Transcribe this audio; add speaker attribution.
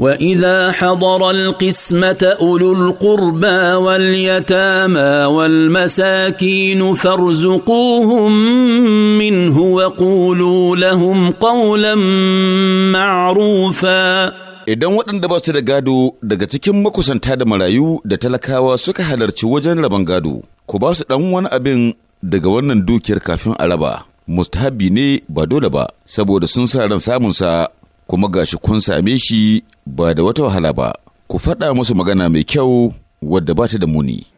Speaker 1: واذا حضر القسمه اولو القربى واليتامى والمساكين فارزقوهم منه وقولوا لهم قولا معروفا
Speaker 2: idan waɗanda ba su da gado daga cikin makusanta da marayu da talakawa suka halarci wajen raban gado ku ba su ɗan wani abin daga wannan dukiyar kafin a raba mustahabi ne ba dole ba saboda sun sa ran samunsa kuma gashi kun same shi ba da wata wahala ba, ku faɗa musu magana mai kyau wadda ba ta da muni.